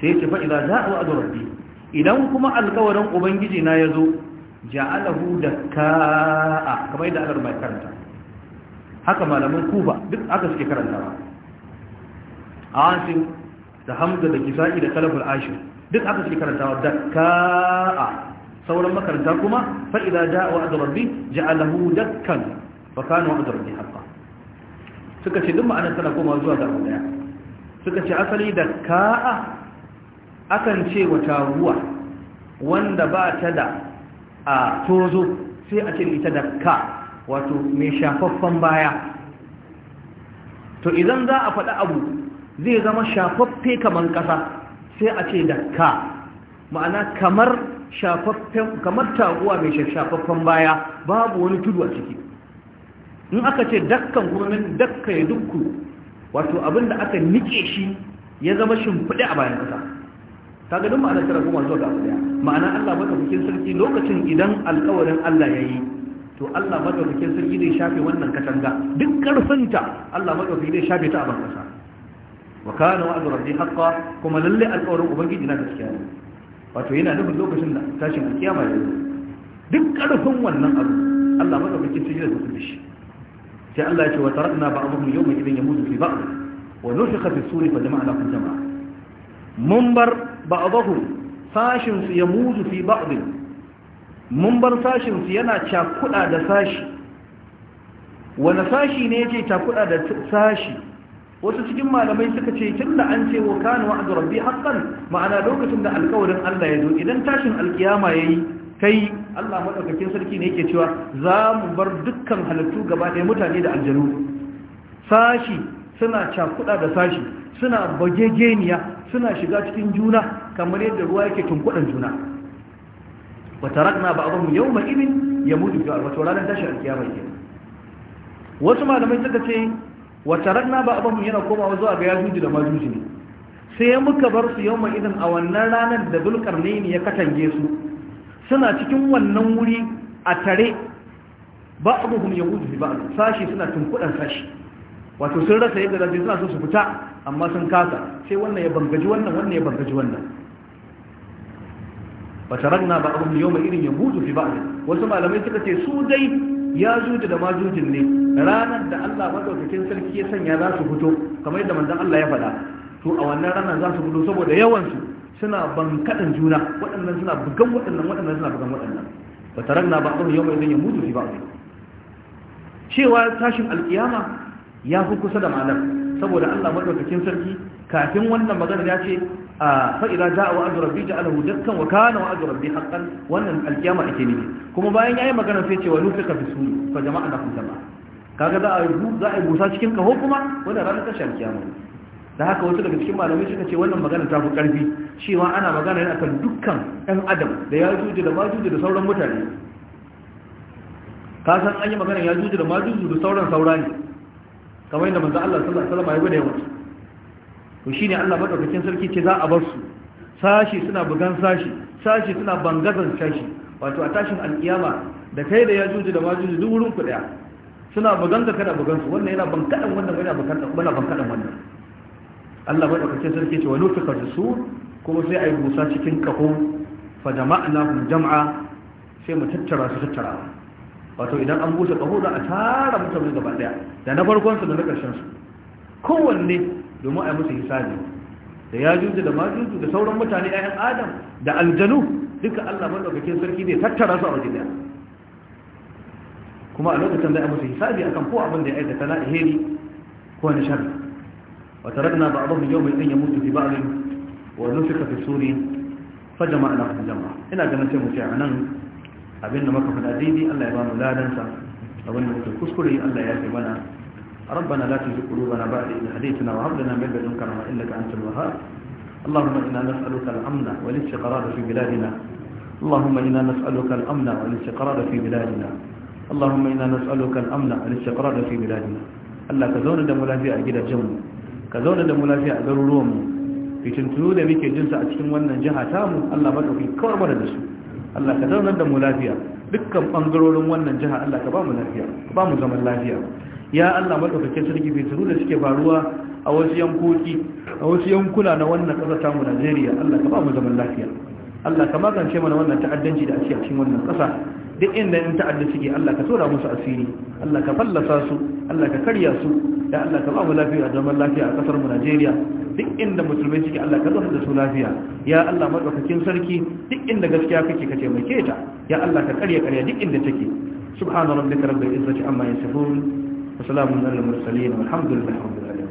sai ce fa idza za'a adu rabbi idan kuma alƙawarin ubangiji na yazo ja'alahu dakka kamar yadda Allah mai karanta haka malamin kufa duk aka suke karantawa asim da hamza da kisa'i da kalaful ashir duk aka suke karantawa dakka'a sauran makaranta kuma fa idza jaa wa'd rabbi ja'alahu dakkan fa kana wa'd rabbi haqqan suka ce duk ma'anar tana koma zuwa ga abu daya suka ce asali da dakka'a akan ce wata ruwa wanda ba ta da a tozo sai a ce ita da dakka wato mai shafaffen baya to idan za a faɗi abu zai zama shafaffe kamar ƙasa sai a ce da ka ma'ana kamar shafaffen kamar taguwa mai shafaffen baya babu wani tudu a ciki in aka ce dakkan kuma dakka ya dukku wato abinda aka nike shi ya zama shimfiɗe a bayan ƙasa ta ga duk ma'anar tara kuma zuwa ga abu ma'ana Allah madaukakin sarki lokacin idan alƙawarin Allah ya yi to Allah madaukakin sarki zai shafe wannan katanga duk ƙarfinta Allah madaukaki zai shafe ta a ban ƙasa wa kana wa'du rabbi haqqan kuma lalle alƙawarin ubangiji na gaskiya ne wato yana nufin lokacin da tashin kiyama ya zo duk ƙarfin wannan abu Allah madaukakin sai ya zuba shi sai Allah ya ce wa tarakna ba'dhum yawma idin yamutu fi ba'd wa nufikha fi suri fa jama'na kun jama'a mun bar ba'dhum sashin su yamutu fi ba'd mun bar sashin su yana cakuda da sashi wani sashi ne yake cakuda da sashi wasu cikin malamai suka ce tun da an ce wa kana wa'du rabbi haqqan ma'ana lokacin da alƙawarin Allah ya zo idan tashin alkiyama yayi kai Allah maɗaukakin sarki ne yake cewa za mu bar dukkan halittu gaba ɗaya mutane da aljanu sashi suna cakuda da sashi suna bagegeniya suna shiga cikin juna kamar yadda ruwa yake tunkuɗan juna wa tarakna ba'dhum yawma ya mutu fi al ranar tashin alkiyama yake wasu malamai suka ce wata ranna ba abin yana komawa zuwa ga yajuji da majuji ne sai muka bar su yau mai idan a wannan ranar da bulkar ne ya katange su suna cikin wannan wuri a tare ba abubuwan yahudu ba sashi suna tunkudan sashi wato sun rasa yadda zai suna so su fita amma sun kasa sai wannan ya bangaji wannan wannan ya bangaji wannan wata ragna ba abin yau mai irin yahudu fi ba wasu malamai suka ce su dai ya zuji da majujin ne ranar da Allah madaukakin sarki ya sanya za su fito kamar yadda manzon Allah ya faɗa to a wannan ranar za su fito saboda yawan su suna bankaɗin juna waɗannan suna bugan waɗannan waɗannan suna bugan waɗannan ba tarar na ba ɗaukar yawon idan ya mutu fi ba cewa tashin alƙiyama ya fi kusa da ma'anar saboda allah maɗaukakin sarki kafin wannan maganar ya ce a fa'ira za a wa'adu rabbi ja alahu dakkan wa kana wa'adu rabbi haƙƙan wannan alƙiyama ake nufi kuma bayan ya yi maganar sai cewa nufi ka fi su fa jama'a na kun jama'a kaga za a za a busa cikin kaho kuma wannan ranar tashar kiyama da haka wasu daga cikin malamai suka ce wannan magana ta fi karfi cewa ana magana ne akan dukkan ɗan adam da ya juji da majuji da sauran mutane ka san an yi magana ya juji da majuji da sauran saura ne kamar yadda manzo Allah sallallahu alaihi wasallam ya gwada yawa to shine Allah madaukakin sarki ce za a bar su sashi suna bugan sashi sashi suna bangazan sashi wato a tashin alkiyama da kai da ya juji da majuji duk wurin ku daya suna bugan ka kana bugan su wannan yana ban kadan wannan yana ban kadan wannan ban kadan wannan Allah bai dauke sarki ce wa nufika su kuma sai ayi busa cikin kaho fa hum jam'a sai mu tattara su tattara wato idan an busa kaho za a tara mutane gaba daya da na farkon su da na karshen su kowanne domin a yi musu hisabi da yajuju da majuju da sauran mutane ayan adam da aljanu duka Allah bai dauke sarki ne tattara su a wajen kuma a lokacin da ya musu hisabi akan ko abin da ya aikata na iheri ko na shari wa tarakna ba'dhum yawmin an yamutu fi ba'd wa nufika fi suri fa jama'na jama'a ina ganin sai mu ce anan abin da muka fada daidai Allah ya bamu mu abin da muka kuskure Allah ya yi mana ربنا لا تزغ قلوبنا بعد إذ هديتنا وهب لنا من لدنك رحمة إنك أنت الوهاب اللهم إنا نسألك الأمن والاستقرار في بلادنا اللهم إنا نسألك الأمن والاستقرار في بلادنا اللهم إنا نسألك الأمن الاستقرار في بلادنا الله كزونا دم لافيا أجد جمو كزونا دم لافيا أجر رومو في تنتلو دمك جنس أتكم وانا جهة تامو الله بدأ في كوربنا دسو Allah ka zaunar da mu lafiya dukkan bangarorin wannan jiha Allah ka ba mu lafiya ba mu zaman lafiya ya Allah madaukakin sarki bai tsaro da suke faruwa a wasu yankoki a yankuna na wannan ƙasa ta Najeriya Allah ka ba mu zaman lafiya Allah ka magance mana wannan ta'addanci da ake cikin wannan ƙasa duk inda in ta'adda suke Allah ka tura musu asiri Allah ka fallasa su Allah ka karya su da Allah ka ba mu lafiya da zaman lafiya a kasar mu Najeriya duk inda musulmai suke Allah ka zo da su lafiya ya Allah madaukakin sarki duk inda gaskiya kake ka taimake ta ya Allah ka karya karya duk inda take subhana rabbika rabbil izzati amma yasifun wa salamun alal mursalin walhamdulillahi rabbil alamin